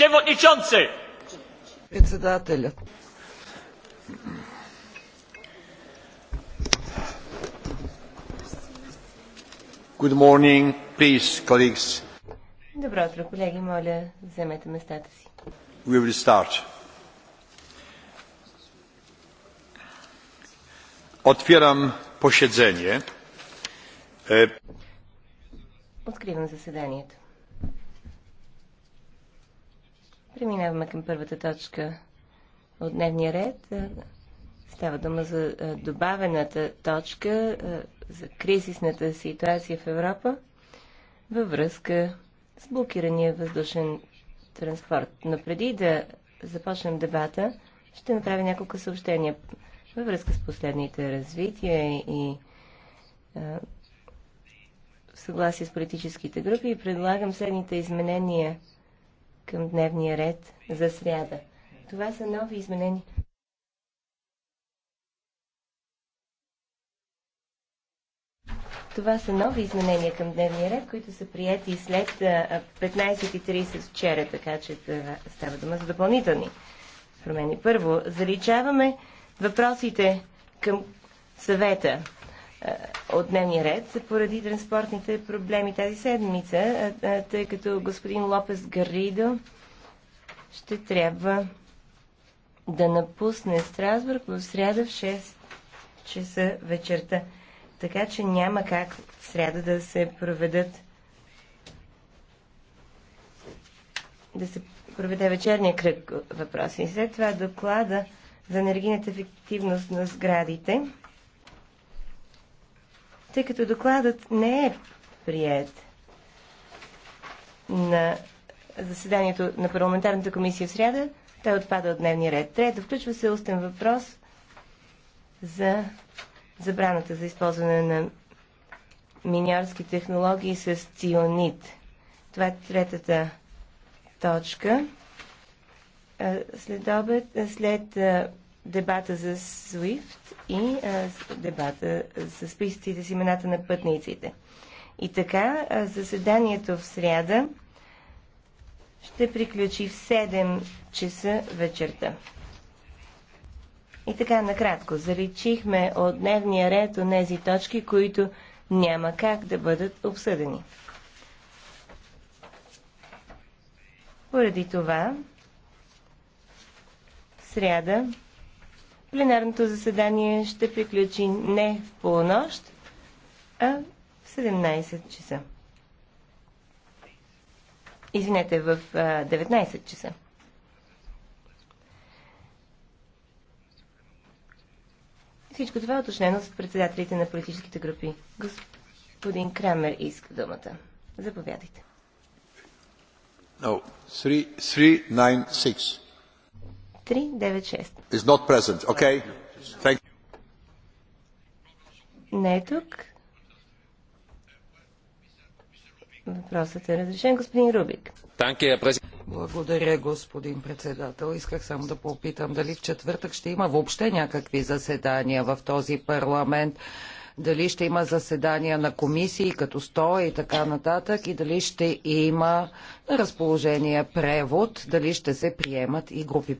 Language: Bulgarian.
Przewodniczący! Председателят. Good morning, please, colleagues. Добро утро, колеги. Моля, вземете местата си. We will start. Otwieram posiedzenie. Откривам заседанието. Преминаваме към първата точка от дневния ред. Става дума за добавената точка за кризисната ситуация в Европа във връзка с блокирания въздушен транспорт. Но преди да започнем дебата, ще направя няколко съобщения във връзка с последните развития и в съгласие с политическите групи предлагам следните изменения – към дневния ред за сряда. Това са нови изменения. Това са нови изменения към дневния ред, които са прияти след 15.30 вчера, така че става дума за допълнителни промени. Първо, заличаваме въпросите към съвета е, от дневния ред поради транспортните проблеми тази седмица, е, е, тъй като господин Лопес Гаридо ще трябва да напусне Страсбург в сряда в 6 часа вечерта. Така че няма как в сряда да се проведат да се проведе вечерния кръг въпроси. след това доклада за енергийната ефективност на сградите. Тъй като докладът не е прият на заседанието на парламентарната комисия в среда, той отпада от дневния ред. Трето, включва се устен въпрос за забраната за използване на миньорски технологии с ционит. Това е третата точка. Е, след обед, е, след е, дебата за SWIFT и дебата за списъците с имената на пътниците. И така, заседанието в сряда ще приключи в 7 часа вечерта. И така, накратко, заличихме от дневния ред от тези точки, които няма как да бъдат обсъдени. Поради това, сряда, Пленарното заседание ще приключи не в полунощ, а в 17 часа. Извинете, в 19 часа. Всичко това е уточнено с председателите на политическите групи. Господин Крамер иска думата. Заповядайте. No, 3, 3, 9, Is not present. Okay. Thank you. Не е тук. Въпросът е разрешен. Господин Рубик. Благодаря, господин председател. Исках само да попитам дали в четвъртък ще има въобще някакви заседания в този парламент. Дали ще има заседания на комисии като стоя и така нататък и дали ще има на разположение превод, дали ще се приемат и групи.